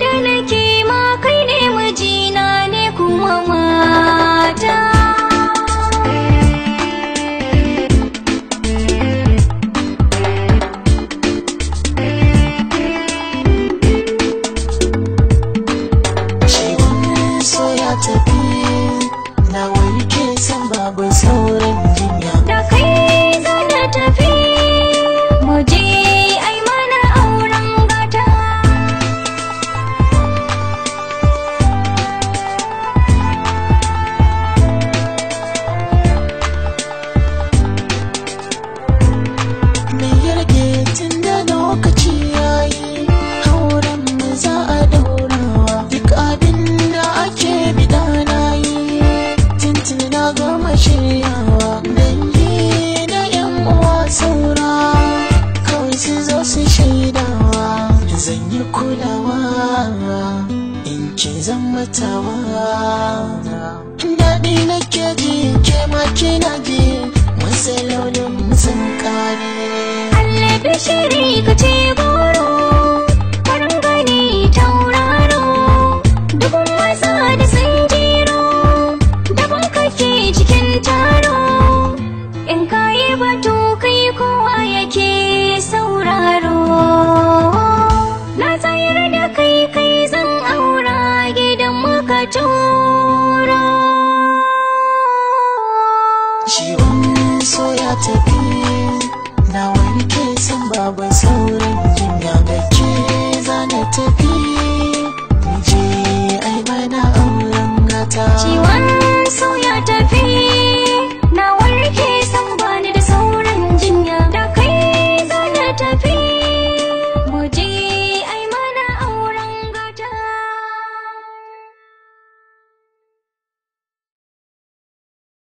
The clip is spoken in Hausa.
Gönderle ki kulawa in ki zan matawa daɗi na ji ke ma kina ji launin sun kare Allah bishiri ka ce ciwon so ya tafi na wani kesin babu sauri